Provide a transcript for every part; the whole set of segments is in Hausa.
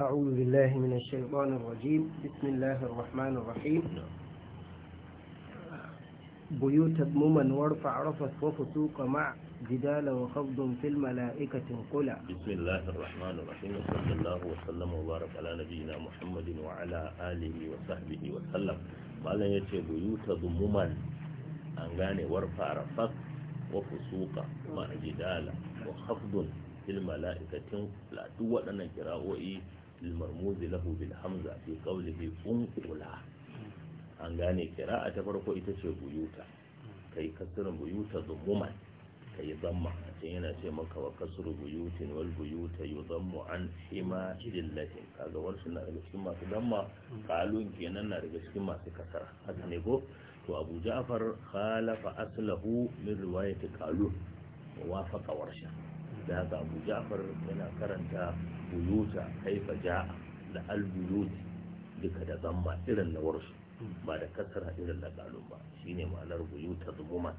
أعوذ بالله من الشيطان الرجيم بسم الله الرحمن الرحيم بيوتا ضمما وارفع رفث وفسوق مع جدال وخفض في الملائكة قلع بسم الله الرحمن الرحيم صلى الله وسلم وبارك على نبينا محمد وعلى آله وصحبه وسلم malam ya ce buyuta zumuman an gane warfa rafak wa fusuka ma'ajidala wa hafdun fil mala'ikatin la duk waɗannan kira'o'i ilmar المرموز له بالحمزة في قوله أنقلا an gane kira a ta farko ita ce buyuta kai kasar buyuta zumuman kai zamma a can yana ce maka wa kasar buyutin wal buyuta yu zammu an hima illatin kaga wasu na daga cikin masu zamma kalun kenan na daga cikin masu kasara haka ne ko to abu ja'far khalafa aslahu min riwayati kalun wa wafaqa warsha da haka abu ja'far yana karanta buyuta kaifa ja'a da albuyuti duka da zamba irin na warsu ba da kasara irin na galun ba shine ma'anar buyuta zumuma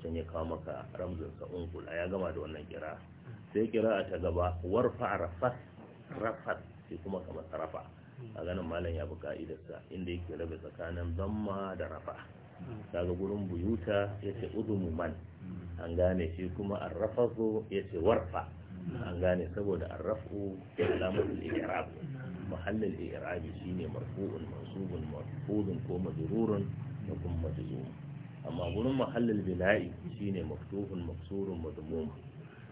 can ya kawo maka ramzin sa ungula. ya gama da wannan kira sai kira ta gaba warfa rafas rafa sai kuma kamar rafa a ganin malam ya bi ka'idarsa inda yake rabe tsakanin zamma da rafa daga gurin buyuta ya ce udumu man an gane shi kuma arrafazu ya ce warfa an gane saboda arrafu ya alamatul i'rab mahallin i'rab shine marfu'un mansubun marfudun ko majrurun da kuma majzum amma gurin mahallin bina'i shine maftuhun maksurun madmum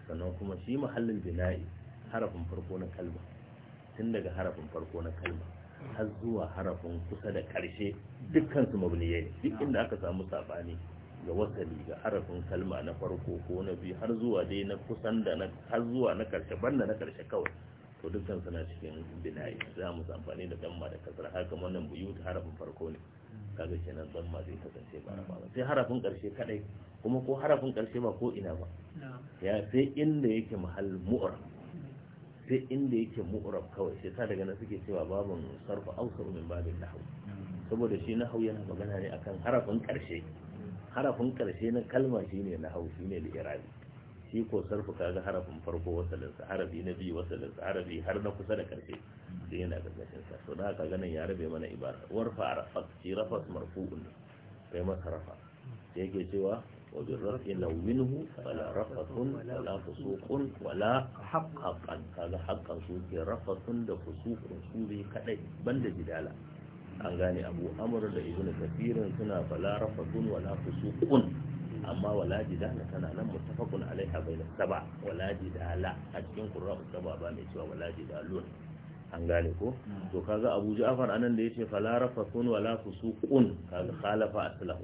sannan kuma shi mahallin bina'i harafin farko na kalma tun daga harafin farko na kalma har zuwa harafin kusa da karshe dukkan su mabniyai duk inda aka samu sabani ga wasali ga harafin kalma na farko ko na biyu har zuwa dai na kusan da na har zuwa na karshe banda na karshe kawai to dukkan suna cikin bina'i za mu amfani da damma da kasar haka wannan buyut harafin farko ne kaga kenan damma zai kasance ba ba sai harafin karshe kadai kuma ko harafin karshe ba ko ina ba ya sai inda yake mahal mu'rab sai inda yake mu'rab kawai sai sa daga nan suke cewa babun sarfa ausa min babin nahwu saboda shi nahwu yana magana ne akan harafin karshe harafin karshe na kalma shine na hau shine li'irabi shi ko sarfu kaga harafin farko wasalin sa harafi na biyu wasalin sa harafi har na kusa da karshe sai yana karkashin sa to da haka ganin ya rabe mana ibara warfa rafa shi rafa marfu'un kai masa rafa sai yake cewa wa bi rafi law minhu fala rafatun wala fusuqun wala haqqan kaga haqqan su ke rafatun da fusuqun su ne kadai banda jidala an gane abu amur da ibn kafirin suna fala rafatun wala fusuqun amma wala jidala tana nan muttafaqun alaiha bayna saba wala jidala a cikin qur'an saba ba mai cewa wala jidalun an gane ko to kaga abu ja'far anan da yace fala rafatun wala fusuqun kaga khalafa aslahu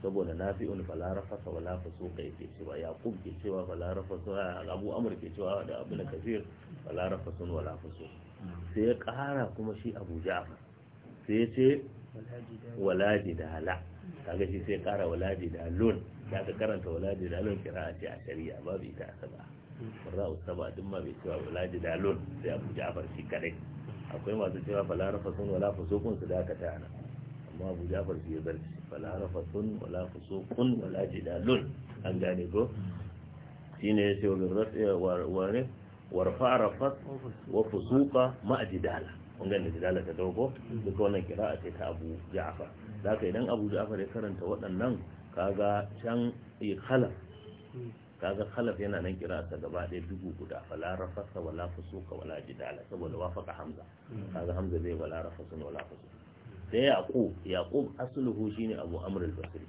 saboda na fi nafi'un fala rafasa wala fusuqa ke cewa yaqub ke cewa fala rafasa abu Amur ke cewa da abu na kafir fala rafasun wala fusuq sai ya kara kuma shi abu ja'far sai ya ce wala jidala kaga shi sai kara wala jidalun da ka karanta wala jidalun kira ce a shari'a babu ita ta saba za a saba duk ma bai cewa wala jidalun sai abu ja'far shi kadai akwai masu cewa fala rafasun wala fusukun su da ka ta ana amma abu ja'far shi ya bar shi fala rafasun wala fusukun wala jidalun an gane ko shine ya ce wa rafi wa warfa rafat wa fusuka ma jidala kun gani jidala ta dogo duk wannan kira'a ce ta abu ja'far zaka idan abu ja'far ya karanta waɗannan kaga can eh, khalaf kaga khalaf yana nan kira'a ta gaba ɗaya dubu guda wala rafasa wala fusuka wala jidala saboda wafaka hamza kaga hamza zai wala rafasa wala fusuka sai yaqub yaqub asluhu shine abu amr al-basri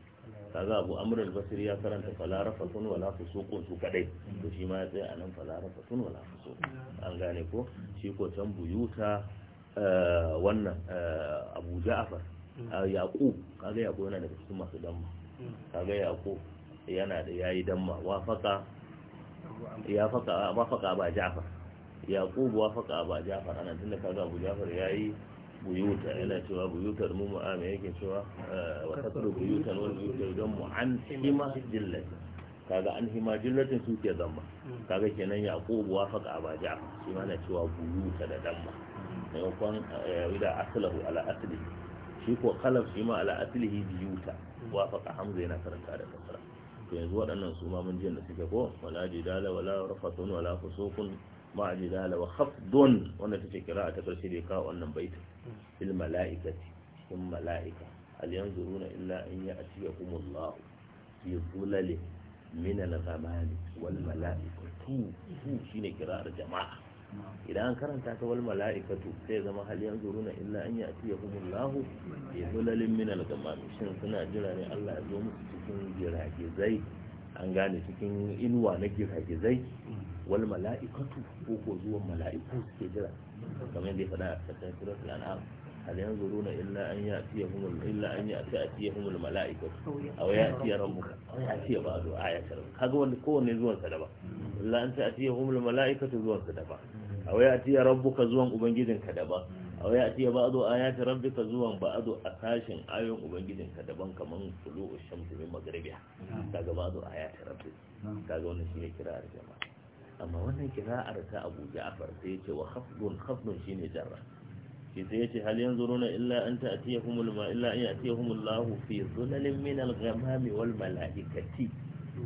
kaga abu amr al-basri ya karanta fala rafasa wala fusuqun su kadai to shi ma ya tsaya anan fala rafasa wala fusuq an gane ko shi ko can buyuta Eh, wannan eh, abu ja'afar mm. eh, yaƙo kaga yaƙo yana da cikin masu damma mm. kaga yaƙo yana da yayi damma wafaka ya faka wafaka ba wa faƙa wafaka ba ja'afar ana tunda kaga abu ya yayi buyuta yana cewa buyutar mu mu'amma ah, yake cewa wa tasru buyutan wal buyutan don mu an hima jillat kaga an hima jillatin su ke mm. kaga kenan yaqubu wafaka ba ja'far shi ma na cewa buyuta da damma maimakon eh, da asalahu ala aslihi shi ko khalaf shi ma ala aslihi biyuta wafaka hamza yana karanta da kasara to yanzu waɗannan su ma mun ji da suke ko wala jidala wala rafatun wala fusukun ma jidala wa khafdun wanda take kira ta karshe da ka wannan baita fil malaikati cikin malaika hal yanzuruna illa an ya'tiyakumullahu fi zulalin min al-ghamami wal malaikatu shine kira'ar jama'a idan an karanta ta wal mala'ikatu sai zama hal yanzu runa illa an ya a fiye kuma lahu ya zulalin minal gama shin suna jira ne allah zo musu cikin giragizai an gane cikin inuwa na giragizai wal mala'ikatu ko ko zuwan mala'iku ke jira kamar yadda ya faɗa a cikin surat al'am hal yanzu runa illa an ya a fiye illa an ya a fiye a fiye kuma mala'ikatu a waya a fiye ramuka a waya a fiye ba zo a ya karu kaga wani kowane zuwansa daban illa an ta a fiye kuma mala'ikatu zuwansa daban aw ya'tiya rabbuka zuwan ubangijinka daban aw ya'tiya ba'du ayati rabbika zuwan ba'du asashin ayon ubangijinka daban kaman tulu'u shamsi min maghribiha kaga ba'du ayati rabbika kaga wannan shine kira'ar jama'a amma wannan kira'ar ta Abu Ja'far sai yace wa khafdun khafdun shine jarra shi sai yace hal yanzuruna illa an ta'tiyahumul ma illa an ya'tiyahumullahu fi dhulalin min al-ghamami wal mala'ikati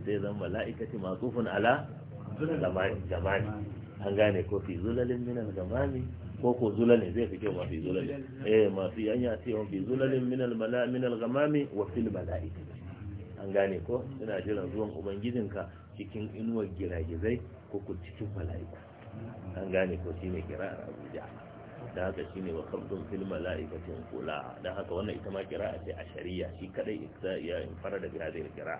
sai zan mala'ikati ma'tufun ala zamani an gane ko fi zulalin minal gamami ko ko zulalin zai fi kyau ma fi zulalin eh masu yanya ce wa fi zulalin minal mala minal gamami wa fil mala'ika an gane ko suna jiran zuwan ubangijinka cikin inuwar giragizai ko ku cikin mala'ika an gane ko shine a abuja da haka shine wa khabdun fil mala'ikatin kula da haka wannan ita ma kira'a ce a shari'a shi kadai ya in fara da hadhihi kira'a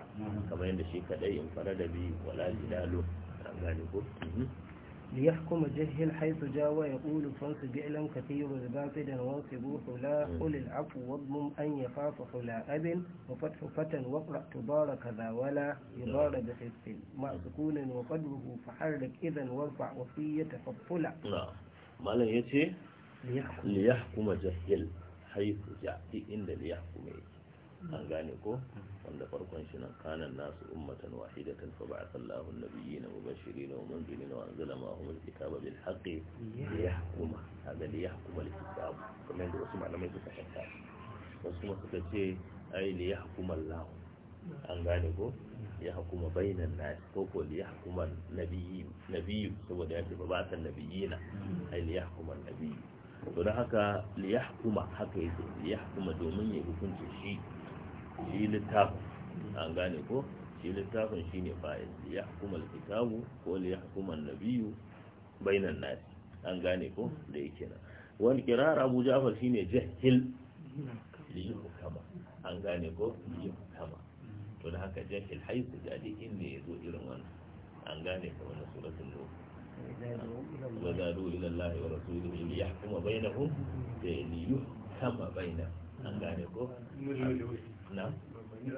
kamar yadda shi kadai in fara da bi wala jidalu an gane ko mhm. ليحكم جهل حيث جاوى يقول فانصب اعلم كثير الباطل وانصبوا حلا قل العفو واضمم أن يخاف حلا أب وفتح فتى واقرأ تبار كذا ولا يبار نعم. بخف مع سكون وقدره فحرك إذا وارفع وصية فاطلع نعم ما إيه لن يتي ليحكم, ليحكم جهل حيث جاء إن ليحكم يتي إيه؟ an gane ko mm-hmm. wanda farkon shi nan kanan nasu ummatan wahidatan fa ba'atha Allahu an-nabiyyin mubashirin wa munzirin wa anzala ma'ahum al-kitaba bil haqqi yahkuma hada li yahkuma al-kitab kuma da wasu malamai suka shakka wasu kuma suka ce ai li yahkuma Allah an gane ko ya hukuma bainan nas ko ko li yahkuma nabiyyu nabiyyu saboda ya ce ba ba'atha an-nabiyyina ai liyahkuma an-nabiyyu to da haka yahkuma haka yake li yahkuma domin ya hukunce shi shi littafin an gane ko shi littafin shi ne fa'il ya hukuma kitabu ko ya hukumar nabiyu bainan nasi an gane ko da yake nan wani kirar abu jafar shi ne jahil liyi hukama an gane ko liyi hukama to da haka jahil haifu da duk inda ya zo irin wannan an gane ka wani suratun lokaci وزادوا إلى الله ورسوله da بينهم hukama بينهم an gane ko. na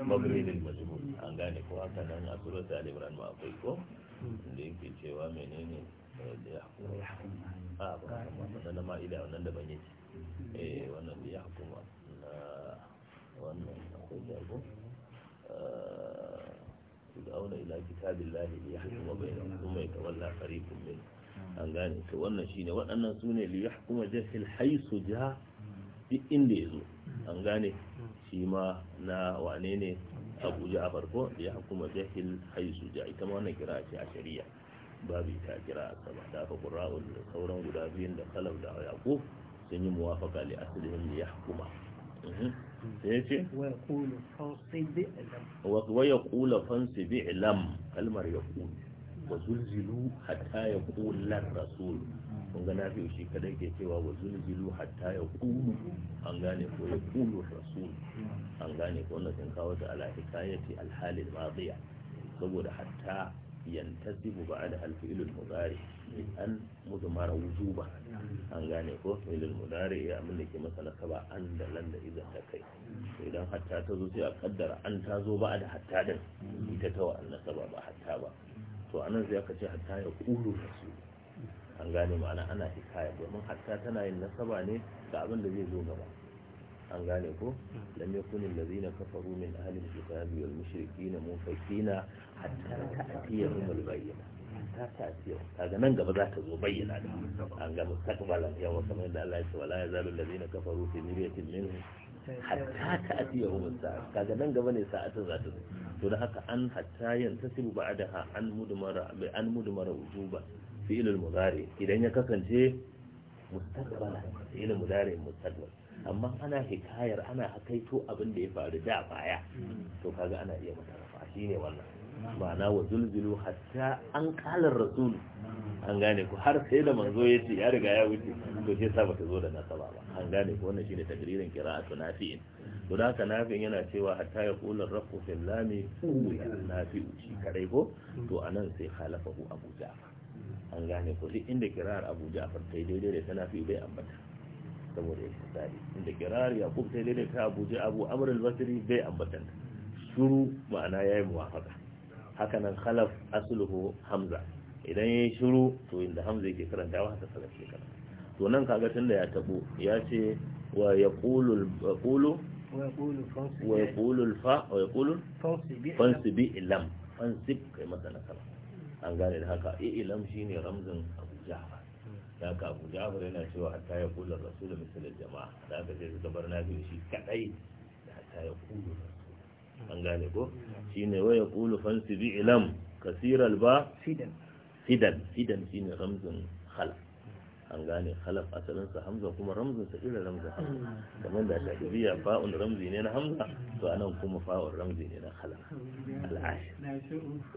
mabni lil majhul an gane ko haka nan a surata al-imran ma akwai ko da yake cewa menene da ya hukuma a ba kuma na ma'ida wannan da ban yi eh wannan da ya hukuma na wannan akwai jago fir'auna eh, ila kitabillahi li yahkuma bainahum thumma yatawalla fariqun minhum an gane to wannan shine waɗannan sune li yahkuma jahil haisu ja duk inda yazo an gane shi ma na wane ne abu farko da ya hakuma jahil haisu ja ita ma wannan kira ce a shari'a babu ta kira a sama da aka da sauran guda biyun da kalaf da yaqub sun yi muwafaka li da ya yahkuma mhm. sai yace wa yaqulu fansi bi'lam kalmar yaqulu wa zulzilu hatta ya kula rasul kun ga nafi shi kadai ke cewa wa zulzilu hatta ya kulu an gane ko ya kulu rasul an gane ko wannan sun kawo ta ala hikayati alhalil madiya saboda hatta yantasibu ba'da alfi'il mudari min an mudmara wujuba an gane ko fi'il mudari ya eh, abin da ke masa nasaba an da lan da idan ta kai idan hatta ta zo sai a kaddara an ta zo ba'da hatta din ita ta wa annasaba ba hatta ba to a nan zai aka ce hatta ya ƙulu da su an gane ma'ana ana hikaya domin hatta tana yin nasaba ne ga abin da zai zo gaba an gane ko lam yakun allazina kafaru min ahli alkitabi wal mushrikina munfakina hatta ta'tiyahum ta ta ta'tiyahum kaga nan gaba za ta zo bayyana da an ga mustaqbalan yawa kamar da Allah ya ce wala yazalu allazina kafaru fi miryatin minhu hatta ta atiya humus sa'a kaga nan gaba ne sa'atin za ta zo to da haka an hatta yantasibu ba'daha an mudmara bai an mudmara ujuba fi'il al-mudari idan ya kasance mustaqbala fi'il mudari mustaqbal amma ana hikayar ana hakaito abin da ya faru da baya hmm. to kaga ana iya mata rafa shine wannan ma'ana wa zulzulu hatta an kalar rasulu an gane ku har sai da manzo ya ce ya riga ya wuce to sai sa bata zo da nasaba ba an gane ku wannan shine takririn qira'atu nafi'in to da haka nafi'in yana cewa hatta ya qulu rafu fil lami ya nafi'u shi kadai ko to anan sai khalafahu abu ja'far an gane ku duk inda qira'ar abu ja'far dai daidai da sanafi bai ambata saboda iktisadi inda qira'ar yaqub dai daidai ta abu ja'abu amr al-basri bai ambata shuru ma'ana yayi muwafaqa hakanan khalaf asluhu hamza idan yayi shiru to inda hamza yake karantawa haka salaf yake karanta to nan kaga tunda ya tabo ya ce wa yaqulu yaqulu wa yaqulu fa wa yaqulu fansibi ilam fansib kai masa nasara an gane da haka ilam shine ramzin abu jahar da haka abu jahar yana cewa hatta ya kula rasulun misalin jama'a da haka sai suka bar nafi shi kadai da hatta ya kula rasulun an gane ko shine kulu yaqulu bi ilam kasir alba sidan sidan shi shine ramzin khalaf an gane khalaf asalin sa hamza kuma ramzin sa irin ramzin hamza kamar da biya fa'un ramzi ne na hamza to anan kuma fa'un ramzi ne na halaf al'ash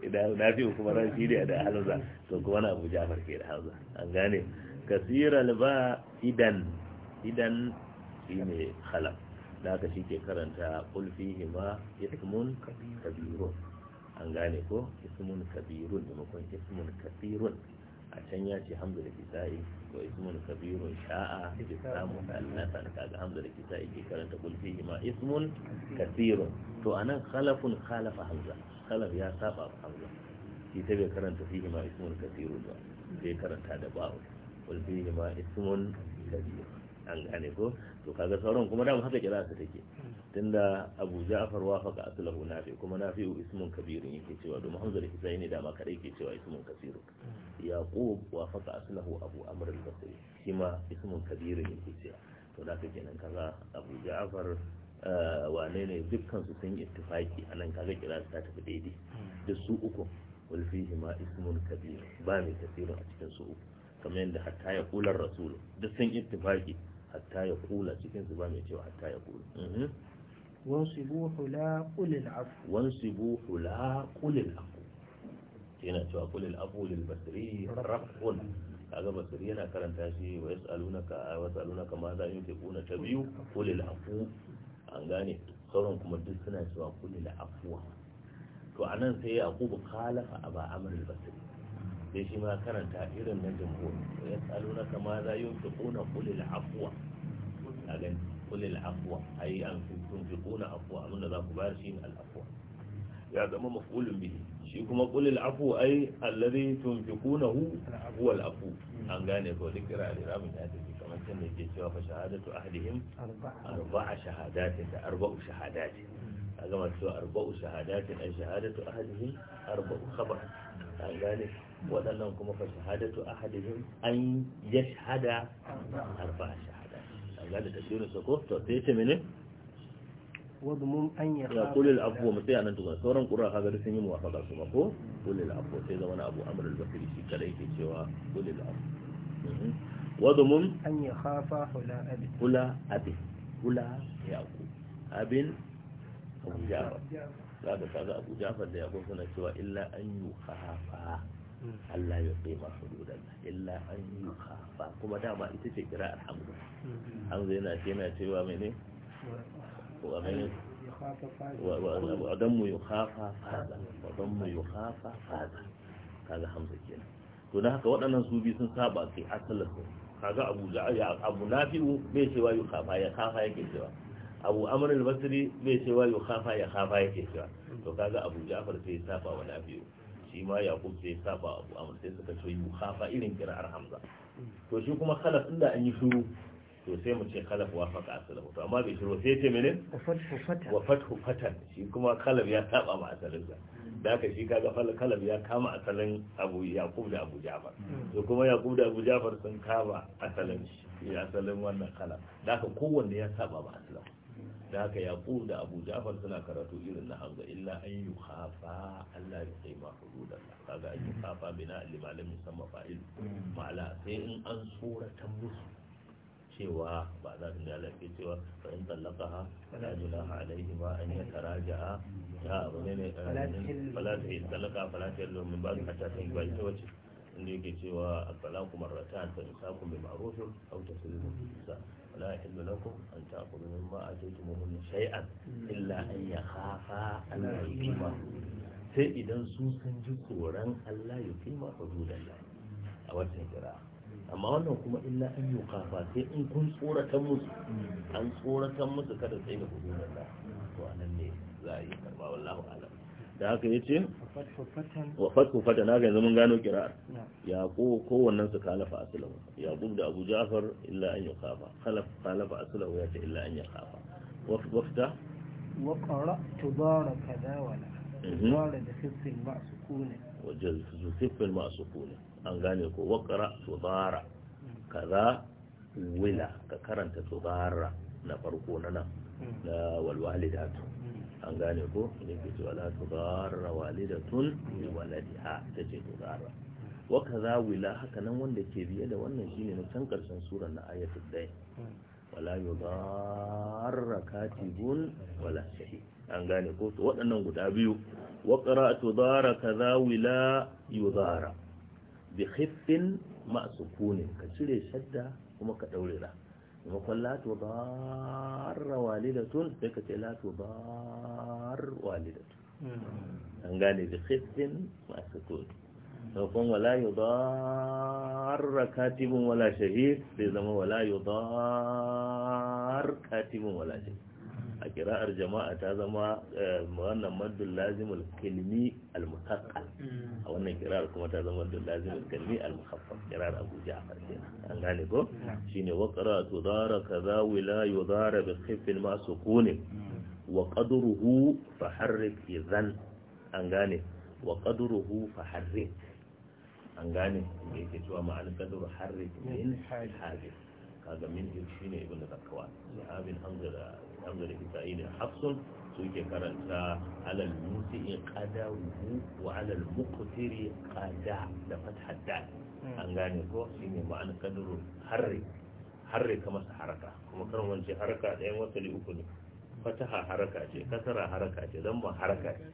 idan na fi kuma ran shi ne da halaza to kuma na abu jafar ke da hamza an gane kasir alba sidan sidan shine khalaf da haka shi ke karanta kulfi hima ismun kabirun an gane ko ismun kabirun maimakon ismun kabirun a can ya ce hamza da kisa'i ko ismun kabirun sha'a da samu allatan kaga hamza da kisa'i ke karanta kulfi hima ismun kabirun to anan khalafun khalafa hamza khalaf ya saba hamza shi ta bai karanta fi hima ismun kabirun ba sai karanta da ba'u kulfi hima ismun kabirun an gane ko to kaga sauran kuma dama haka kira su take tunda Abu Ja'far wafaka aslahu nafi kuma nafi'u ismun Kabiru yake cewa domin Hamza da Hisayi ne dama kadai yake cewa ismun kasiru Yaqub wafaka aslahu Abu Amr al-Basri kima ismun kabirin yake cewa to da kake nan kaza Abu Ja'far eh, wane ne dukkan su sun ittifaki anan kaga kira su ta tafi daidai da su uku wal fihi ma ismun kabir ba mai kasirun a cikin su uku kamar yadda hatta ya kular rasulu duk sun ittifaki hatta ya kula cikin su ba mai cewa hatta ya kula mhm. wansibu hula kulil afu wansibu hula kulil afu yana cewa kulil afu lil basri rafun kaga basri yana karanta shi wa yasalunaka wa yasalunaka ma za yunfiquna ta biyu kulil afu an gane sauran kuma duk suna cewa kulil afuwa to anan sai yaqubu khalafa aba amr al basri sai shi ma karanta irin na jumhur wa yas'alunaka ma za yunfiquna qul al-afwa kagan qul al-afwa ai an tunfiquna afwa abinda za ku bayar shi ne al ya zama maf'ulun bihi shi kuma kulil afu ai allazi tunfiqunahu huwa al-afwu an gane ko dikira al-irabin ya tafi kamar can da ke cewa fa shahadatu ahlihim arba'a shahadatin da arba'u shahadatin kaga ma cewa arba'u shahadatin ai shahadatu ahlihim arba'u khabar an gane waɗannan kuma fa shahadatu ahadihim an yashhada arba'a shahada kaga da tasirin sa ko to sai ce mene wadmum an ya ya kulil abu mu sai anan tukun sauran qur'a kaga sun yi muwafaqa kuma ko kulil abu sai zaman abu amr al-bakri shi kada yake cewa kulil abu mhm. wadmum an ya khafa hula abi hula abi hula yaqub abin abu jafar kaga kaga abu jafar da yaqub suna cewa illa an yukhafa Allah ya tsaye masu hududan illa an yi kafa kuma dama ita ce kira alhamdu mm-hmm. hamza yana ce yana cewa mai ne wadon mu yi kafa fada wadon mu yi kafa faza kaga hamza kenan to na haka waɗannan su bi sun saba sai asalin kaga abu da abu nafi'u bai cewa yi kafa ya kafa yake cewa abu amr al-basri bai cewa yi kafa ya kafa yake cewa to kaga abu ja'far sai saba wa nafi'u shi ma yaqub sa saba abu amma sai suka ce mu khafa irin qira'ar hamza to shi kuma khalaf inda an yi shuru to sai mu ce khalaf wafaqa asalahu to amma bai shuru sai ce mene wa fathu fatan shi kuma khalaf ya saba ma asalin da haka shi kaga khalaf ya kama asalin abu yaqub da abu jafar to kuma yaqub da abu jafar sun kama asalin shi asalin wannan khalaf da haka kowanne ya saba ma asalin. da haka da abu ja'far suna karatu irin na hamza illa an yi khafa allah ya sai ma hudud allah kaga an yi khafa bina limalin musamman fa'il ma'ala sai in an tsoratan musu cewa ba za su ga lafi cewa fa in tallaka ha juna ha alaihi ma an yataraja'a ya abu ne ne fala ta tallaka fala ta lumin ba ta ta yi ba ita wace inda yake cewa al-talaqu marratan fa imsakum bi ma'rufin aw tasrifun bi ihsan ولا يحل لكم أن تأخذوا مما آتيتموهن شيئا illa an يخافا أن يقيما sai idan su sun ji tsoron Allah ya fi hududan Allah a wannan kira amma wannan kuma illa an yi kafa sai in kun tsoratan musu an tsoratan musu kada sai da hududan Allah to anan ne za a yi karba wallahu alam da haka ya ce wa fatku fatan haka yanzu mun gano kira'ar ya ko kowannen su kalafa asalahu ya gub da abu ja'far illa an yi kafa kalafa asalahu ya ce illa an yi kafa wafta wa ƙara tubara kadawala tubara mhm. da siffin masu kune wajen siffin masu kune an gane ko wakara ƙara tubara kaza wila ka karanta tubara na farko na nan mm. na walwalidatu mm. an gane ko ne ke cewa la tudarra walidatun bi waladiha to tudarra wa kaza wila haka nan wanda ke biye da wannan shine na can karshen surar na ayatu dai wala yudarra katibun wala shahi an gane ko to waɗannan guda biyu wa qara'atu dara kaza wila yudara bi khiffin ma sukunin ka cire shadda kuma ka daure ra وقلات تضار والدة فكت لا تضار والدة أن قال بخف ما سكوت فقم ولا يضار كاتب ولا شهيد في ولا يضار كاتب ولا شهيد a kira'ar jama'a ta zama eh, wannan maddun lazimul kalmi al-mutaqqal mm. a wannan kira'ar kuma ta zama maddun lazimul kalmi al-mukhaffaf kira'ar abuja a kenan an gane ko shine wa qara'atu dara kaza wa la yudara bi khifin ma sukuni mm. wa qadruhu fa harrik idhan an gane wa qadruhu fa harrik an gane da yake cewa ma'anar qadru harrik min hadith kaga min shine ibn zakwan sahabin hamza da hamza da isa'i da hafsun suke karanta alal musi'i qadahu wa alal muqtiri qada da fathar dal hmm. an gane ko shine ma'ana kadrun harri harri kamar haraka kuma karin wance haraka da yan wasali uku ne fataha haraka ce kasara haraka ce dan ba haraka ce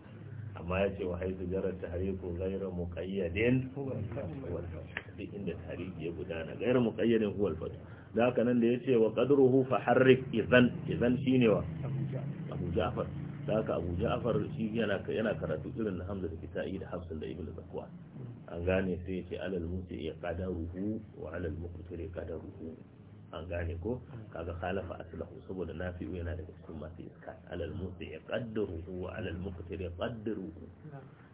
amma ya ce wa haizu jarar tariku gaira muƙayyadin huwal fatu inda tariki ya gudana gaira muƙayyadin huwal fatu da haka nan da ya ce wa qadruhu fa harrik izan idan shine wa Abu Ja'far da haka Abu Ja'far shi yana yana karatu irin na Hamza da Kita'i da Hafsan da Ibn zakwa an gane sai ya ce alal muti ya qadaruhu wa alal muqtari qadaruhu an gane ko kaga khalafa aslahu saboda nafi yana daga cikin masu iska alal muti ya qaddaruhu wa alal muqtari qaddaruhu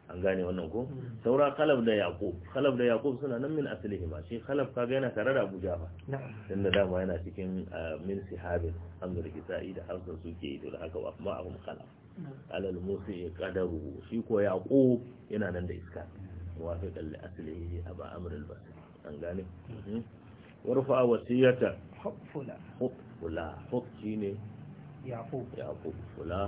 an gane wannan ko hmm. saura khalaf da yaqub khalaf da yaqub suna nan min aslihi ma shi khalaf kaga yana tare da abuja ba dan da dama yana cikin ah, min sihabin amr gisa'i da hafsa suke yi da haka amma abu khalaf alal musi qadaru shi ko yaqub yana nan da iska wafi dal aslihi aba amr al basri an gane hmm. Hmm. warfa wasiyata hukfula hukfula hukki ne yaqub yaqub fula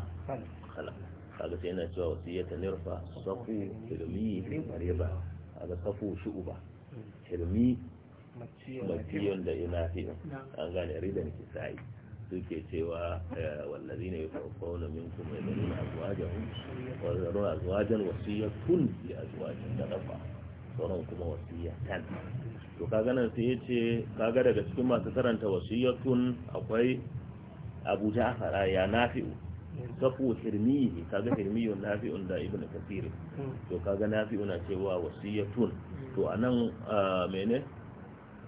khalaf kaga sai yana cewa wasiyata nirfa safu hilmi mariba kaga safu shu'uba hilmi maciyon da yana fi an gane riba ne sai suke cewa eh, wallazi ne ya farko na minku mai zanen azuwajen wazarun azuwajen wasiyatun fi azuwajen da kuma wasiyatan to kaga nan sai ya ce kaga daga cikin masu karanta wasiyatun akwai abu ja'afara ya nafi'u safu hirmihi kaga hirmiyo nafi'un da ibnu kathir to kaga una cewa wasiyatun to anan mene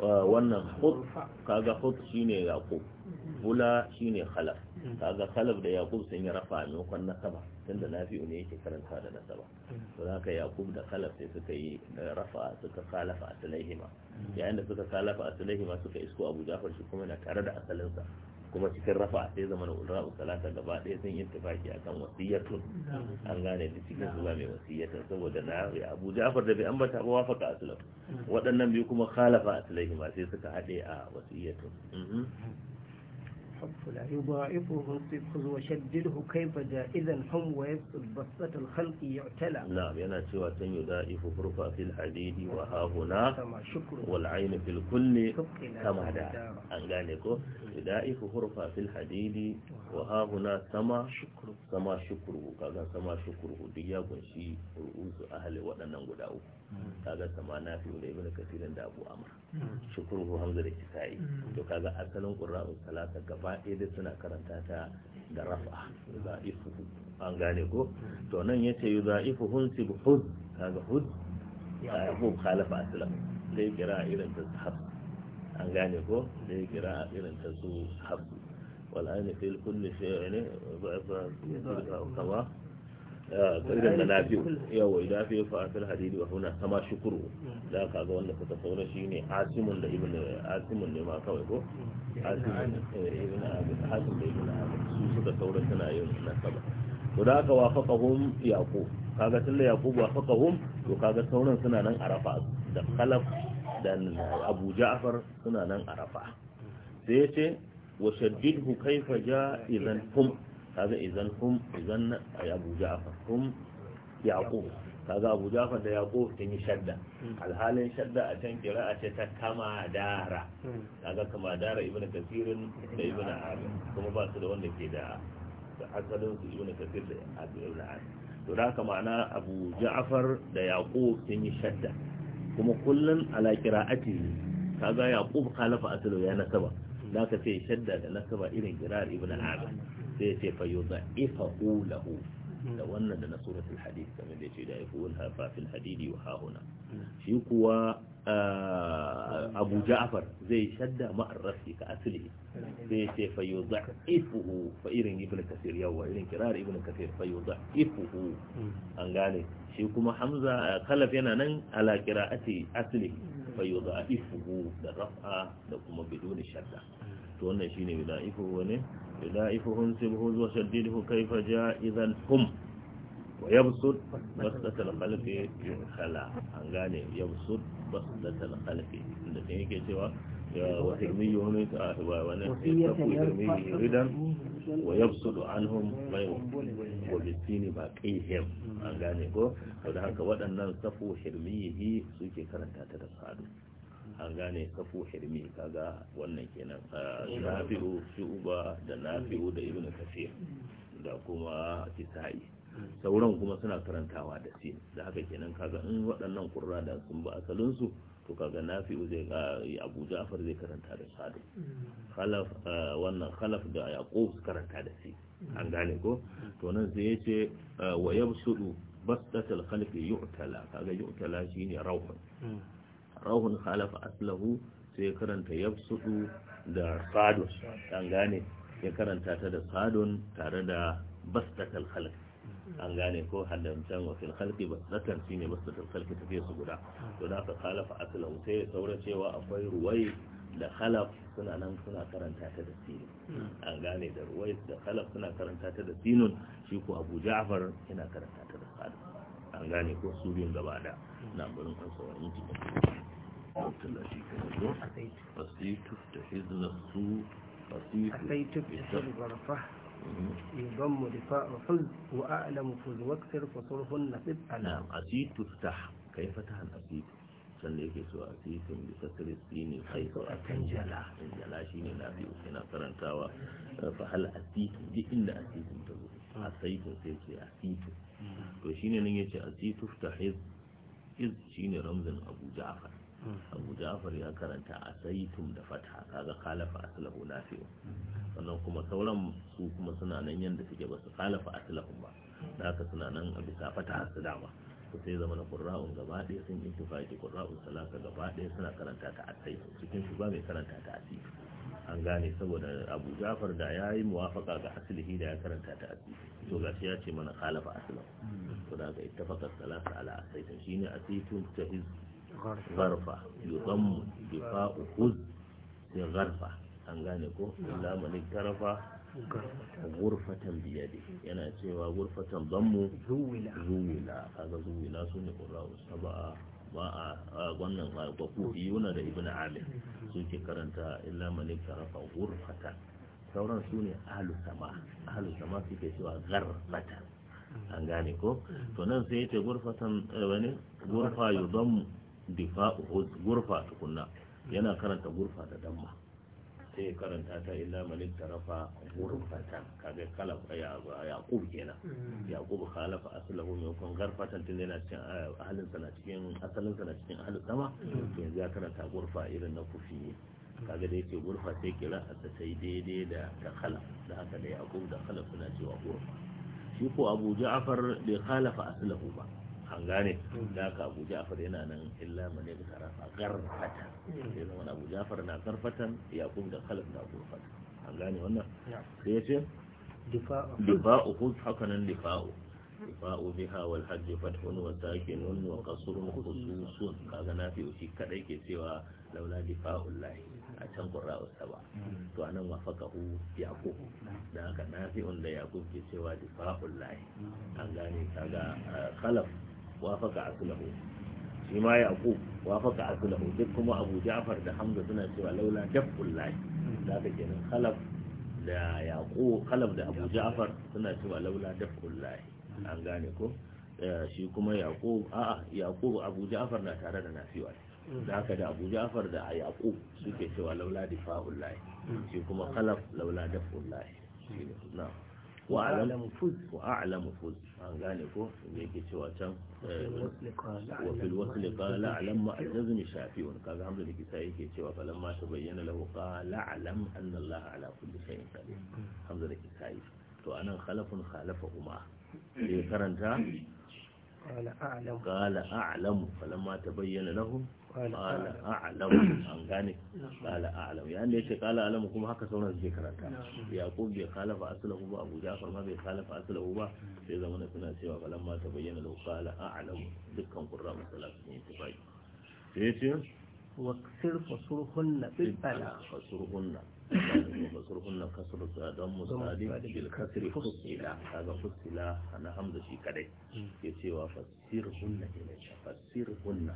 wannan khut kaga khut shine yaqub bula shine khalaf kaga khalaf da yaqub sun yi rafa ne kon nasaba tunda nafi'u ne yake karanta da nasaba to haka yaqub da khalaf sai suka yi rafa suka khalafa asalihima yayin da suka khalafa asalihima suka isko abu jafar shi kuma na tare da asalinsa kuma cikin rafa sai zama na ulra'u salata gaba ɗaya sun yi a akan wasiyyatun an gane da cikin su ba mai wasiyyatun saboda na ya abu ja'far da bai ambata ba wafaka aslam waɗannan biyu kuma khalafa aslaihima sai suka haɗe a wasiyyatun mhm. الحب لا يضاعفه الصدق وشدده كيف جاء جائزا هم ويبسط بسطة الخلق يعتلى نعم ينا سوى يضاعف حرفة في الحديد وها هنا والعين في الكل كما دا أنغانيكو يضاعف حرفة في الحديد وها هنا سما شكر سما شكر كذا سما شكر ديا يكون رؤوس أهل ودنا غداو kaga sama na fi da ibn kasirin da abu amr shukuru hamza da kisa'i to kaga asalin qurra'u salata gaba gaba ɗaya suna karanta ta da rafa yuza'ifuhu an gane ko to nan yace yuza'ifuhun sibhud kaga hud ya hud khalafa da ya kira irin ta sahab an gane ko ya kira irin ta su hab wal ayn fil kulli shay'in Ah, irin da nafi'u yawa idan fi fa fil hadidi wa huna kama shukuru da hmm. ka ga wanda suka saura shi ne asimun da ibn asimun ne ma kawai ko hmm. asimun ibn abi eh, da ibn abi su suka saura suna yin nasaba to da aka wafaqahum yaqub kaga tunda yaqub wafaqahum to kaga sauran suna nan arafa da khalaf da abu ja'far suna nan arafa hmm. sai ya ce wa shaddidhu kaifa ja idan hum kaga idan hum idan ay abu ja'far hum yaqub kaga abu ja'far da yaqub sun yi shadda alhalin shadda a can kira'a ce ta kama dara kaga kama dara ibnu kasirin da ibnu abin kuma ba su da wanda ke da asalin su ibnu kasir da ibnu abin to da haka ma'ana abu ja'far da yaqub sun yi shadda kuma kullun ala qira'atihi kaga yaqub khalafa aslu ya nasaba da ka ce shadda da nasaba irin kirar ibnu abin sai ya ce fa yudha'ifa ulahu da wannan da na suratul hadid kamar da ya ce da ya kuwa hafafin hadidi wa hahuna shi kuwa abu ja'afar zai shadda ma'ar ka asili ya ce fayo za'ifuhu fa irin ibn kasir yawa irin kirar ibn kasir fayo za'ifuhu an gane shi kuma hamza kalaf yana nan ala kira asili fayo za'ifuhu da rafa da kuma biduni shadda to wannan shine yudaifuhu ne yudaifuhum sibhu wa shaddiduhu kaifa ja'izan hum wa yabsut bastatal khalqi khala an gane yabsut bastatal khalqi inda ne yake cewa ah, wa hirmiyu yuni ta wa wani tafu hirmiyu ridan wa yabsud anhum mayu wa bisini ba qihim an gane ko saboda haka waɗannan safu hirmiyi suke karanta ta da sadu an gane kafu hirmi kaga wannan kenan nafi'u shu'ba da nafi'u da ibn kasir da kuma kisa'i sauran kuma suna karantawa da sin da haka kenan kaga in waɗannan kurra da sun ba asalin su to kaga nafi'u zai ga Abu Ja'far zai karanta da Sadu khalaf wannan khalaf da Yaqub karanta da sin an gane ko to nan sai yace wa yabsudu bastatul khalqi yu'tala kaga yu'tala shine rauhun rahun khalafa aslahu sai ya karanta yabsudu da sadun an gane ya karanta ta da sadun tare da bastatal khalq an gane ko haddancan wa fil khalqi bastatan shine bastatal khalqi tafiye su guda to da aka khalafa aslahu sai ya saura cewa akwai ruwai da khalaf suna nan suna karanta ta da sinin an gane da ruwai da khalaf suna karanta ta da sinun shi ko abu ja'far yana karanta ta da sadun an gane ko su biyun gaba da na gurin kansa wani inji قلت أتيت أتيت افتحذ للصور أتيت افتحذ برفة يضم لقاء فز وأعلم فز واكثر فصرف نصب نعم أتيت تفتح كيف تهن أتيت سنليك سوى أتيت بسكر السين الخيط أتنجلا أتنجلا شين في أسنا فرنتاوى فهل أتيت إلا أتيت أتيت سيك أتيت وشين نجيش أتيت تفتح إذ شين رمز أبو جعفر abu ja'far ya karanta a da fatha kaga khalafa aslahu nafi'u sannan kuma sauran su kuma suna nan yanda suke ba su khalafa aslahu ba da haka suna nan a bisa fata su dama to sai zama na qurra'un gaba ɗaya sun ittifaqi qurra'un salaka gaba ɗaya suna karanta ta a sayitum cikin su ba mai karanta ta a an gane saboda abu ja'far da yayi yi muwafaka ga aslihi da ya karanta ta asiri to ga ya ce mana khalafa aslahu to da aka salasa ala asaitin shine asitun ta garfa yudammu difa huz sai garfa an gane ko illa malik tarafa gurfatan biyadi yana cewa gurfatan zammu zuwila kaga zuwila su ne ƙura'u saba'a ba a wannan kwaku yuna da ibn amir suke karanta illa malik tarafa gurfatan sauran su ne ahalu sama ahalu sama suke cewa garfatan an gane ko to nan sai yace gurfatan eh, wani gurfa yudammu Difa gurfa tukunna yana karanta gurfa da damma sai ya karanta ta illa malik tarafa ta kaga kala yaqub kenan mm. yaqub khalafa aslahu min kun garfatan tun yana cikin eh, ahalin sana cikin asalin sana cikin ahalin sama mm. to yanzu ya karanta gurfa irin na kufi kaga da yake gurfa sai kira a sai daidai da ta khalaf da haka da yaqub da khalaf suna cewa gurfa shi ko abu ja'far bai khalafa aslahu ba an gane da ka abu jafar yana nan illa mane ka tarafa garfata sai zama abu jafar na garfatan yaqub da khalid na gurfata. an gane wannan sai ya ce difa'u hud haka nan difa'u difa'u biha wal hajj fatun wa sakinun wa qasrun khususun kaga na fi shi kadai ke cewa laula difa'ul lahi a can qurra'u saba hmm. to anan wafaqahu yaqub da haka nafi'un da yaqub ke cewa difa'ul lahi hmm. an gane kaga eh, khalaf wafaka aslahu shi ma yaqub wafaka aslahu duk kuma abu ja'far da hamza suna cewa laula dafullahi zaka kenan khalaf da ya yaqub khalaf da abu ja'far suna cewa laula dafullahi an gane ko shi kuma yaqub a'a yaqub abu ja'far na tare da nafiwa da haka da abu ja'far da ya yaqub suke cewa laula difa'ullahi shi kuma khalaf laula dafullahi shi ne na'am wa'alamu fuz wa'alamu fuz an gane ko inda yake cewa can eh, wa fil wasl qala alam ma al-jazm shafi'un kaga hamza da kisa yake cewa falan ma ta bayyana lahu qala alam anna ala kulli shay'in hmm. to anan khalafun khalafa kuma sai karanta قال أعلم فلما تبين له قال أعلم أن gane قال أعلم يعني يشي قال أعلم كما haka sauran suke karata. Yaqub bai khalafa aslahu ba Abuja Ja'far ma bai khalafa aslahu ba sai zamana suna cewa falamma tabayyana lahu qala a'lamu dukkan qurra musalla sun yi tabai sai yace wa kasir fasurhunna bil bala fasurhunna na kasar kasru don musali bil kasri fusila kaga fusila ana hamza shi kadai ke cewa fasirhunna ilayka fasirhunna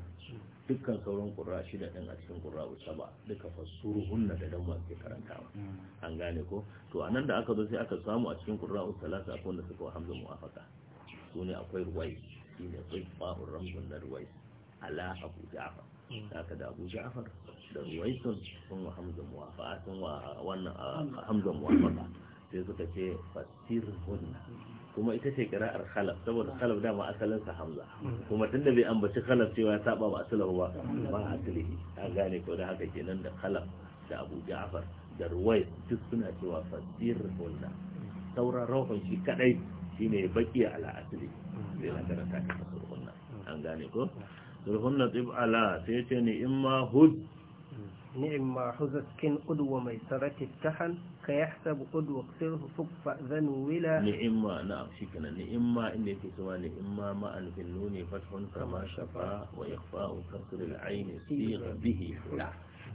dukkan sauran qurra shida din a cikin qurra saba duka fasurhunna da dan masu karantawa an gane ko to anan da aka zo sai aka samu a cikin qurra salasa akwai wanda suka hamza mu'afaka sune akwai ruwai shine akwai ba'ur ramzun da ruwai ala abu ja'far haka mm. da abu ja'far da ruwaitun sun wa hamzan muwafa sun wa wannan ah, hamza muwafa'a sai suka ce fasir hunna kuma ita ce kira'ar khalaf saboda khalaf dama asalin sa hamza mm. kuma tunda bai ambaci khalaf cewa ya saba ba asalin ba ba asali ta gane ko da haka kenan da khalaf da abu ja'far da ruwai duk suna cewa fasir hunna sauran rohon shi kadai shine baki ala asali mm. sai na karanta ta hunna an gane ko zulhunna tsib'ala sai ce ni in ma hud ni in ni'imma huzaskin udwa mai sarati tahal ka yahsabu udwa sirhu fukfa zanu wila ni'imma na'am shikana ni'imma inda yake cewa in ma alfin nuni fathun kama shafa wa ikhfa'u kasr al-ayn sigha bihi hula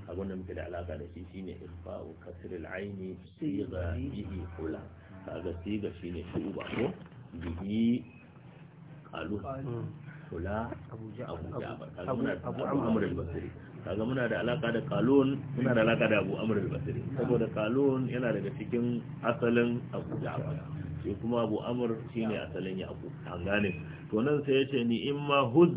abun da muke da alaka da shi shine ikhfa'u kasr al-ayn sigha bihi hula kaga sigha shine shuba ko bihi qalu hula abu amur al kaga muna da alaka da kalon muna da alaka da abu amur al-basiri saboda kalon yana daga cikin asalin abu ja'far shi kuma abu amur shine asalin ya Abu gane to nan sai ce ni imma huz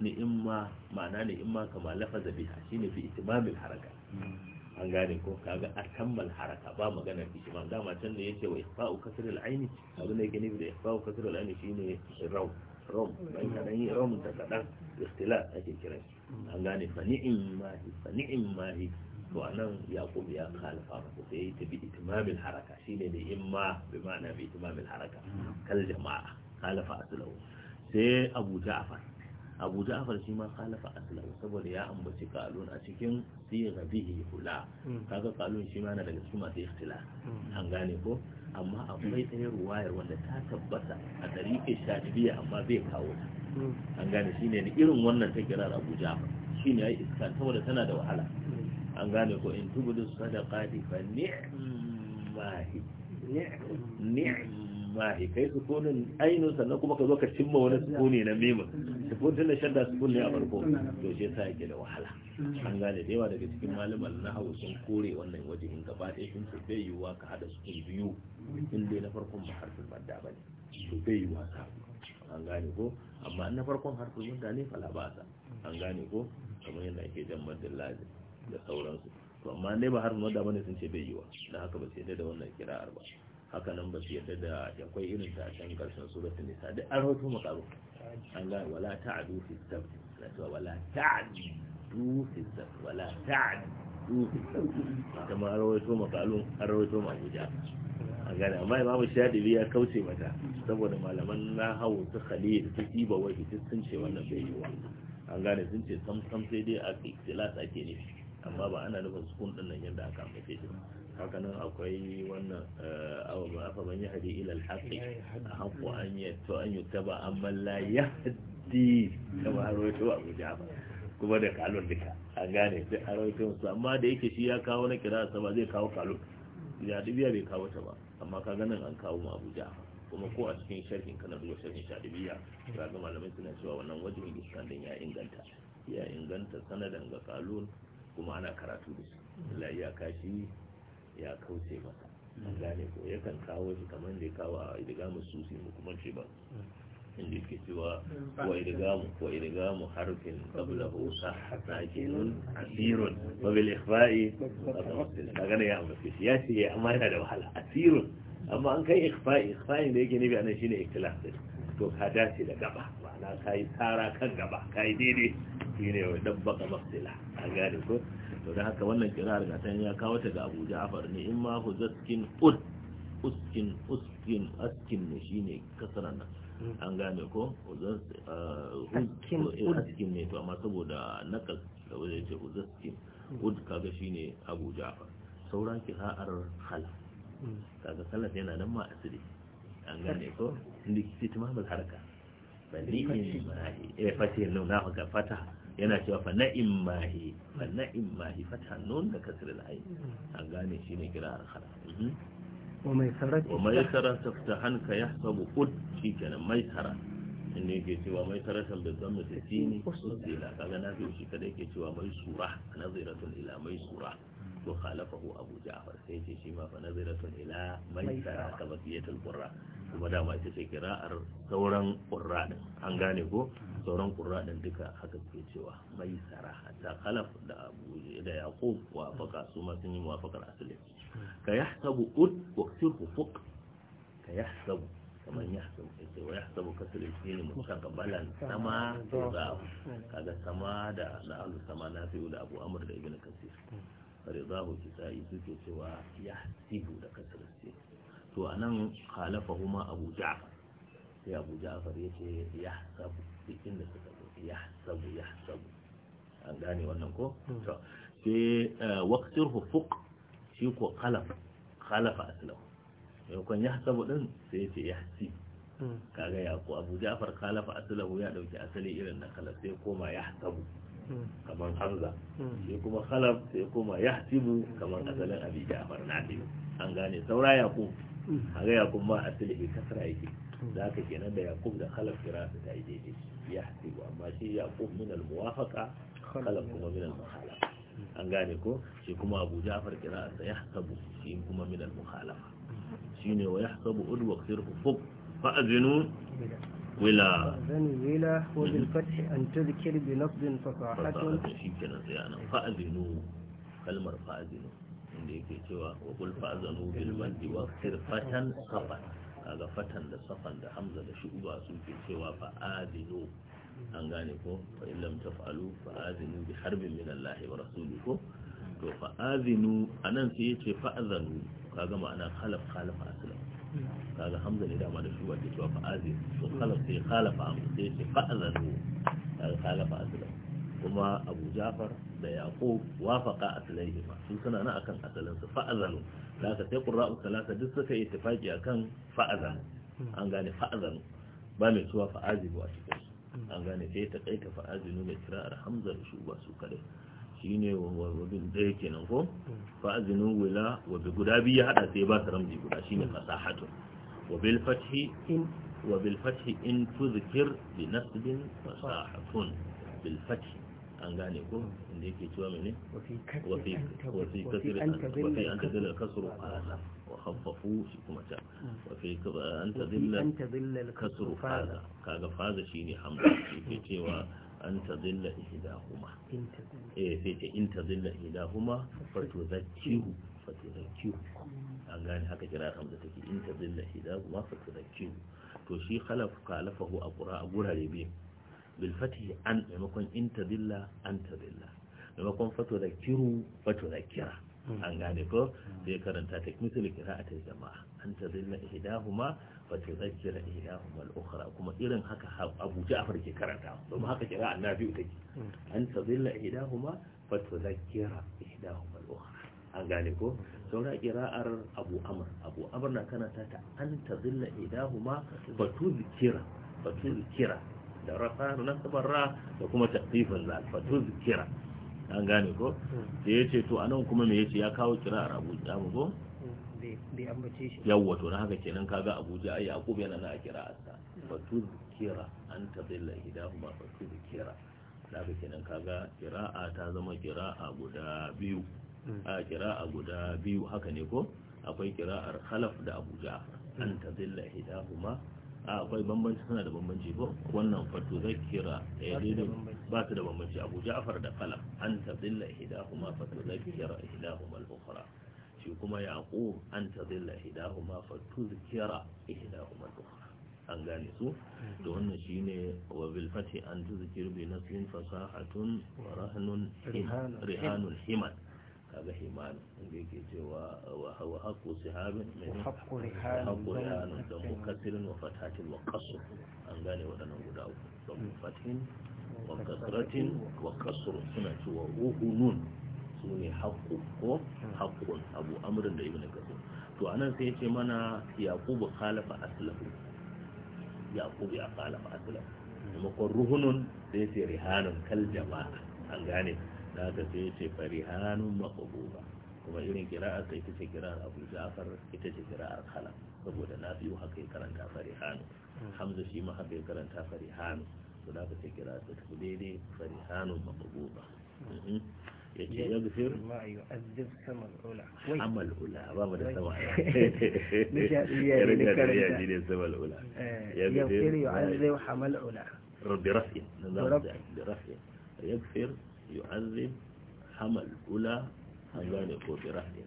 ni imma ma'ana ni imma kama lafaza biha shine fi itimamil haraka hmm. an gane ko kaga a kammal haraka ba maganar ma. dama can da yake wa ihfa'u kasrul aini abin da yake nufi da ihfa'u kasrul aini shine rau rom dan kadan yi rom da kadan istila ake kira shi an gane fa ni'im mahi fa ma mahi to anan yaqub ya khalafa masa sai ta bi itimamil haraka ne da imma bi ma'ana bi itimamil haraka kal jama'a khalafa aslahu sai abu ja'far abu ja'far shi ma khalafa aslahu saboda ya ambaci kalun a cikin siga bihi hula hmm. kaga kalun shi ma na daga cikin masu ikhtilaf an gane ko amma akwai ɗaya ruwayar wanda ta tabbata a ɗariƙin shaɗibiya amma zai kawo ta an gane shi ne irin wannan ta kirar abuja shi ne ya iska saboda tana da wahala an gane ko in tubudu sadaka fa ni'mahi ni'mahi mahi kai sukunin ainu sannan kuma ka zo ka cimma wani sukuni na mimin sukun tun da shadda sukun ne a farko to shi sa yake da wahala an gane da yawa daga cikin malaman na hau sun kore wannan wajen gaba ɗaya sun ce bai yiwuwa ka haɗa sukun biyu in dai na farkon ba harfin banda ba ne to bai yiwuwa ka an gane ko amma na farkon harfin madda ne fala ba sa an gane ko kamar yadda ake jan madin da sauransu to amma ne ba harfin banda ba ne sun ce bai yiwuwa don haka ba sai da wannan kira'ar ba haka nan ba su yadda da akwai irin ta a can karshen suratul nisa da an hoto makaru an ga wala ta'du fi sabt na ta wala ta'du fi sabt wala ta'du fi sabt kuma an rawaito makalu an rawaito majuja a gane amma imamu shadibi ya kauce mata saboda malaman na hau su khalil su tiba wa sun ce wannan bai wa an gane sun ce sam sam sai dai a ikhtilas ake nufi amma ba ana nufin sukun din nan yadda aka ambace shi ba haka nan akwai wannan eh, awa ba afa man yahdi ila alhaqi haqqi an yato an yutaba amma la yahdi kuma harwaito Abu Ja'far kuma da kalon duka an gane sai harwaito musu amma da yake shi ya kawo na kira sa ba zai kawo kalon ya dubiya bai kawo ta ba amma ka ganin an kawo mu Abu Ja'far kuma ko a cikin sharhin kana duba sharhin dubiya ga ga malamai suna cewa wannan wajen iskan din ya inganta ya inganta sanadan ga kalon kuma ana karatu da shi Allah ya kashi ya kauce masa an gane ko yakan kawo shi kamar da ya kawo a idigamu susi mu kuma ce ba inda yake cewa wa idigamu wa mu harfin qabla hu sakinun asirun wa bil ikhfa'i kaga gane ya ambace shi ya ce amma yana da wahala asirun amma an kai ikhfa'i ikhfa'i da yake nabi anan shine ikhtilaf to ka dace da gaba ma'ana kai tsara kan gaba kai daidai shi ne wai dabbaka mafsila a gane ko to da haka wannan kira ga tan ya kawo ta ga Abu Ja'far ne in ma zaskin ud uskin uskin askin ne shine kasaran nan an gane ko huzaskin ah, eh, ne to amma saboda nakal da wajen ce huzaskin ud kaga shine Abu Ja'far sauran kira'ar hal kaga sai yana nan ma asiri an gane ko inda harka haraka bali in ma ya nan na ga fata yana cewa fa na'im mahi fa na'im mahi fata nun da kasr al-ayn an gane shine al khala mhm. wa mai sarat wa mai sarat taftahan ka yahsabu qud shikenan mai sarat inda yake cewa mai saratan da zama da sini usdila kaga na fi shi kada yake cewa mai sura nazira ila mai sura to khalafahu abu ja'far sai ce shi ma fa nazaratu ila mai tara ka baqiyatul qurra kuma dama ita ce kira'ar sauran qurra din an gane ko sauran qurra din duka haka suke cewa mai tara ta khalaf da abu da yaqub wa faka su ma sun yi muwafaqar asali ka yahsabu ud wa kirhu fuq ka yahsabu kamar yahsabu sai wa yahsabu kasal ismini mustaqbalan sama da kaga sama da la'alu sama nafi'u da abu amr da ibn kasir ridahu kisa'i suke cewa ya hasibu da kasar sai to anan khalafa huma abu ja'far sai abu ja'far ya ce ya sabu duk inda suka zo ya sabu ya sabu an gane wannan ko hmm. to sai eh, waqtir hufuq shi ko khalaf khalafa aslahu maimakon ya sabu din sai ya ce ya hasibu hmm. kaga ya ko abu ja'far khalafa aslahu ya dauki asali irin na khalaf sai koma ya sabu kamar hamza hmm. sai kuma khalaf sai kuma yahtibu kamar asalin abi ja'far nafi an gane saura yaqub hmm. kaga yaqub ma asali kasra yake za hmm. ka kenan da yaqub da khalaf kira su ta yi daidai yahtibu amma shi yaqub min al muwafaqa khalaf kuma min al mukhalafa an gane ko shi kuma abu ja'far kira sa yahtabu shi kuma min al mukhalafa shine wa yahtabu udwa khirfu fuq fa azinu ولا ولا وبالفتح أن تذكر بلفظ فصاحة فأذنوا كلمة فأذنوا inda yake cewa wa kul fa'zanu bil madi wa sir fatan safan kaga fatan da safan da hamza da shuba su ke cewa fa'adinu an gane ko fa in lam taf'alu fa'adinu bi harbin min Allah wa rasuli ko to fa'adinu anan sai yace fa'zanu kaga ma'ana khalaf khalaf aslam kaga hamza ne dama da su ke cewa fa'azir to khalaf sai khalafa amr sai ce fa'azanu kaga khalafa aslan kuma abu jafar da yaqub wafaqa ma sun sana na akan asalin su azanu zaka sai qurra'u salasa duk suka yi tafaki akan fa'azanu an gane fa'azanu ba mai cewa fa'azibu a cikin an gane sai ta kai ka fa'azinu mai kira'ar hamza da su ba su kadai shine wabin yake nan ko fa'azinu wila wabi guda biyu haɗa sai ba su ramji guda shine fasahatu wabil fathi in wabil fathi in tuzkir bi nasbin fasahatun bil fathi an gane ko inda yake cewa mene wafi wafi an tazilla kasru fasa wa khaffafu shi kuma ta wafi an tazilla kasru fasa kaga fasa shine hamza yake cewa an tazilla ihdahuma eh ta fatuzakkiyu an gane haka kira da take in ta zilla hidahu ma fatuzakkiyu to shi khalaf kalafahu a gurare biyu bil fatihi an maimakon in ta zilla an ta zilla maimakon fatuzakkiru fatuzakira an gane ko sai karanta takmisul qira'atul jama'a an ta zilla ihdahuma فتذكر إلهما الأخرى كما إذن هكا أبو جعفر كي كرتا ثم an ta النبي أن تضل إلهما فتذكر إحداهما الأخرى an gane ko saura kira'ar abu amur abu amur na kanata ta an ta zilla kuma batu zikira batu zikira da rafa na tabarra da kuma tafifin zal batu zikira an gane ko da ya ce to a nan kuma me yace ya kawo kira'ar abu jamu ko bai ambace shi yawwa to na haka kenan kaga abuja ai yakub yana na kira'ar ta batu zikira an ta zilla kuma batu zikira da haka kenan kaga kira'a ta zama kira'a guda biyu a kira'a guda biyu haka ne ko akwai kira'ar halaf da abu ja'afar hmm. an kuma. A akwai bambanci suna da bambanci ko wannan fatu zakira ya eh, daidai ba su da bambanci abu ja'afar da khalaf an tazilla kuma fatu zakira hidahuma kuma ukhra shi kuma ya ko an tazilla kuma fatu zakira hidahuma kuma ukhra an gane su da hmm. wannan shine wa bilfati an ta zikir bi nasirin fasahatun wa rahanun himan kaga himanu inda yake cewa wa haqqu sihabin min haqqu rihanun da mukasirin wa fatatin wa qasr an gane wadannan guda uku da fatin wa hmm. hmm. kasratin wa qasr suna cewa uhunun sune haqqu ko hmm. haqqun abu amrin da ibnu kasir to anan sai yace mana yaqubu khalafa aslahu yaqubu ya khalafa aslahu kuma ruhunun sai yace rihanun kal jama'a an gane ta sai ce farihanun maqbuba kuma irin kira'ar sai ita ce kira'ar Abu Ja'far ita ce kira'ar Khalaf saboda Nafi'u haka ya karanta farihanu Hamza shi ma haka ya karanta farihanu to da ka ce kira'ar ta tafi daidai farihanun maqbuba yace yaghfir ma yu'azzib sama al-ula amma al-ula babu da sama ya ne ne karanta ya ne sama al-ula yaghfir yu'azzib hamal ula rabbi برفع يغفر yu'azzib hamal ula an gane ko bi rahmi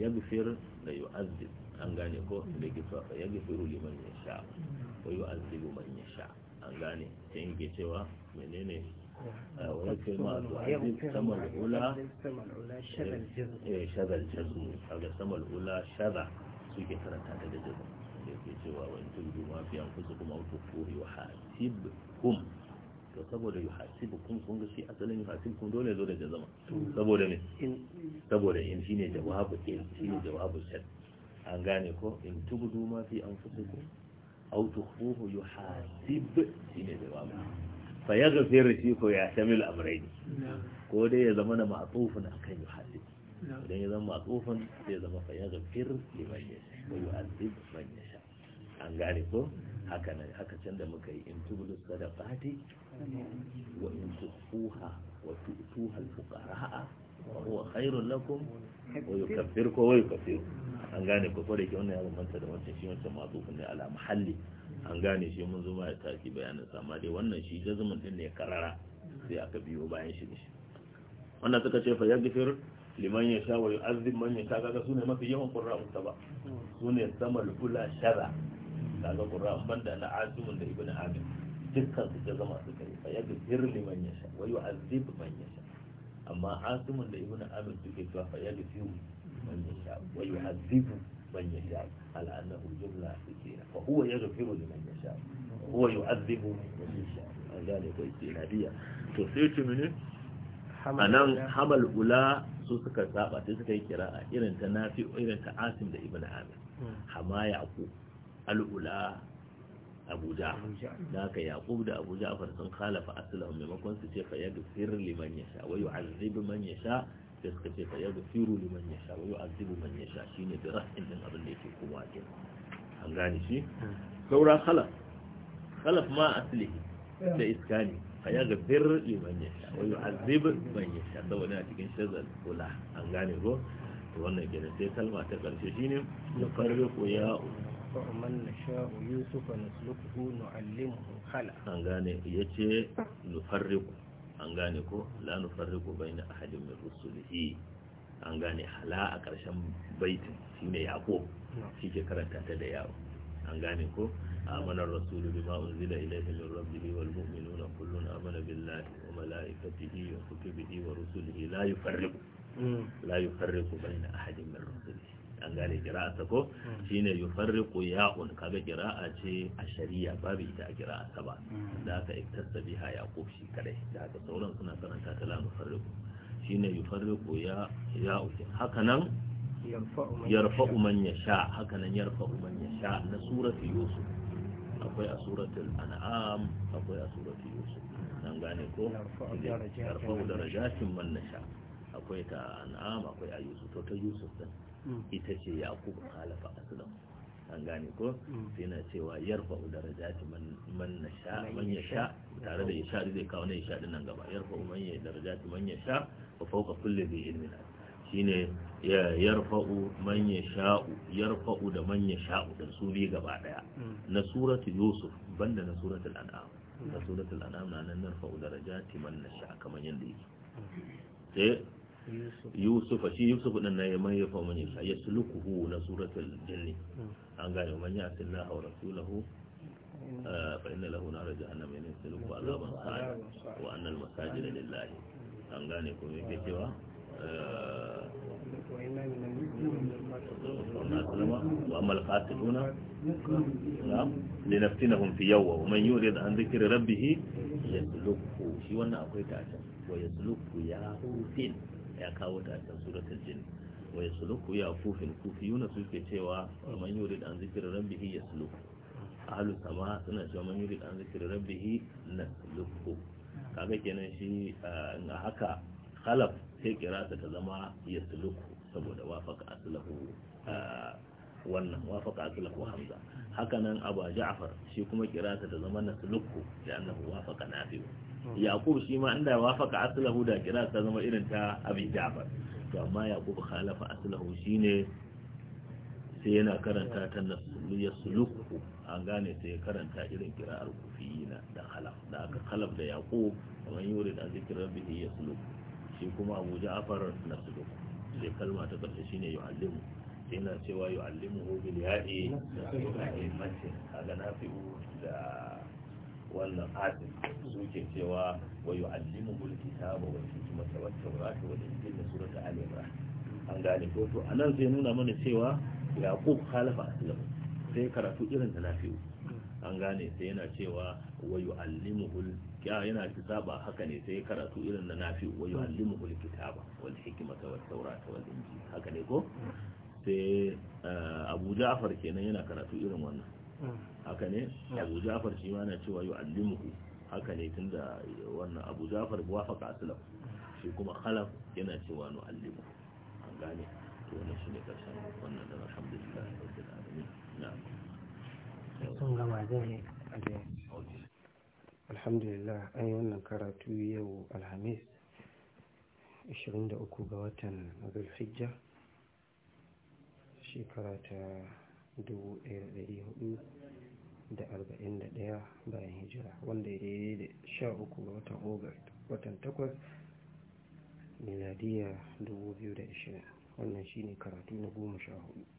yaghfir da yu'azzib an gane ko da gifa fa yaghfiru liman yasha wa yu'azzibu man yasha an gane yake cewa menene ويكفر ما العزيز سما الأولى شذا الجزم هذا سما الأولى شذا سيكي كرنت هذا الجزم يكي سوى وإن تبدو ما في أنفسكم أو تخفوه وحاسبهم to saboda yi hasibu kun kun ga shi asalin yi hasibu kun dole zo da zama saboda ne saboda in shine jawabu in shine jawabu shar an gane ko in tubudu ma fi an anfusikum aw tukhfuhu yuhasib shine jawabu fa yaghfir shi ko ya shamil amrayn ko dai ya zama na ma'tufun akan yuhasib idan ya zama ma'tufun sai zama fa yaghfir liman yasha wa yu'adhib man yasha an gane ko haka nan haka can da muka yi in tubulu sadaqati wa in tuha wa tuha al-fuqara'a wa huwa khairul lakum wa yukaffirukum wa yukaffirukum an gane ko kore ke wannan ya bambanta da wancan shi wancan masu ne ala mahalli an gane shi mun zuma ya taki bayanin amma dai wannan shi jazumin din ne karara sai aka biyo bayan shi shi wannan suka ce fa yaghfir liman yasha wa yu'azzib man yasha kaga sune mafi yawan qurra'u ba sune samal ula shara kaga qurra banda na asim da ibnu amir dukkan su zama masu kai fa ya gafir liman yasha wa yu'azzib man yasha amma asim da ibnu amir suke cewa fa ya gafir man yasha wa yu'azzib man yasha ala annahu jumla sikira fa huwa yaghfiru liman yasha huwa yu'azzibu man yasha ذلك استنادية sai منه a nan hamal ula su suka saba ta suka yi kira'a irin ta nafi irin ta asim da ibn amir hmm. hamaya ku al'ula abuja da aka yaqub da abuja a sun khalafa aslahu maimakon su ce fa yaghfir liman yasha wa yu'azzib man yasha da suka ce fa yaghfiru liman yasha wa yu'azzibu man yasha shine da rasin din abin da yake kowa ke an gane shi saura khalaf khalaf ma aslihi da iskani fa yaghfir liman yasha wa yu'azzib man yasha da saboda a cikin shazal kula an gane ko wannan kenan sai kalma ta karshe shine nufarriqu ya نرفع من نشاء يوسف نسلكه نعلمه خلق an gane yace nufarriqu an gane ko la nufarriqu baina ahadin min rusulihi an gane hala a ƙarshen baitin shine yaqub shike karanta ta da yawo an gane ko amana rasulu bima unzila ilayhi min rabbih wal mu'minuna kullun amana billahi wa malaikatihi wa kutubihi wa rusulihi la yufarriqu la yufarriqu ahadin an gane ta ko hmm. shine yufarriqu ya'un kaga kira'a ce a shari'a babu ita a ta ba hmm. da aka iktasa biha yaqub shi kadai da aka sauran suna karanta ta la mufarriqu shine yufarriqu ya ya'u haka nan yarfa'u man yasha haka nan yarfa'u man yasha na suratu yusuf akwai a suratul an'am akwai a suratul yusuf hmm. an gane ko yarfa'u darajatin man nasha akwai ta an'am akwai a yusuf to ta yusuf din ita ce yaqubu a aslam an gane ko mm. sai na cewa yarfa da darajati man na sha man ya sha tare da ya isha zai kawo na ya sha nan gaba yarfa man ya darajati man ya yasha wa fawqa kulli bi ilmin shine ya yarfa u man ya sha u yarfa u da man ya sha u da su bi gaba daya mm. na suratul yusuf banda na suratul an'am na mm. suratul an'am na nan yarfa da darajati man na sha kamar yanda yake sai eh, yusuf shi yusuf din nan ya mai fa mani ya sulukuhu na suratul jinni an gane man ya sallahu wa rasulahu fa inna lahu nar jahannam ya suluku azaban sa'id wa anna al masajid lillahi an gane ko me ke cewa وأما القاتلون نعم لنفتنهم في يوم ومن يريد عن ذكر ربه يسلكه شو أنا أقول تعالى ويسلكه يا حوثين ya kawo ta a suratul jin wa yasluku ya kufin kufiyuna suke cewa man yurid an zikra rabbihi yasluku ahlu sama suna cewa man yurid an zikra rabbihi nasluku kaga kenan shi a haka khalaf sai kirasa ta zama yasluku saboda wafaka aslahu wannan wafaka aslahu hamza hakanan abu ja'far shi kuma kirasa ta zama nasluku da annahu wafaka nafi'u yaqub shi ma inda wafaka aslahu da kira ta zama irin ta abi ja'far to amma yaqub khalafa aslahu shine sai yana karanta ta nasuliyar suluku an gane sai ya karanta irin kira'ar kufiyina da khalaf da aka khalaf da yaqub kamar yuri da zikirar bihi ya shi kuma abu jafar na suluku sai kalma ta ƙarshe shi ne yu'allimu sai na cewa yu'allimu bil ya'i da ga kaga nafi'u da wannan atin suke cewa wa kuma alkitaba wal wa wat tawrata wal injila surata al imran an gane ko to anan zai nuna mana cewa yaqub khalafa aslamu sai karatu irin da nafi'u an gane sai yana cewa wa yu'allimuhu ya yana kitaba haka ne sai karatu irin na nafi'u wa yu'allimuhu alkitaba wal hikmata wa tawrata wal injila haka ne ko sai eh, Abu Ja'far kenan yana karatu irin wannan haka ne abu jafar shi ma na cewa yi allimuhu haka ne tun da wannan abu jafar wafaka aslam mm. shi kuma khalaf yana cewa nu allimu an gane to wannan shi ne karshen wannan da alhamdulillah wajen alamin na'am sun gama zai alhamdulillah an yi wannan karatu yau alhamis 23 ga watan zulhijja shekara ta Dubu ɗaya da da da ɗari ɗaya bayan hijira wanda ya daidai da sha uku ga watan august watan 8 miladiya 2020 wannan shine karatu na goma sha 14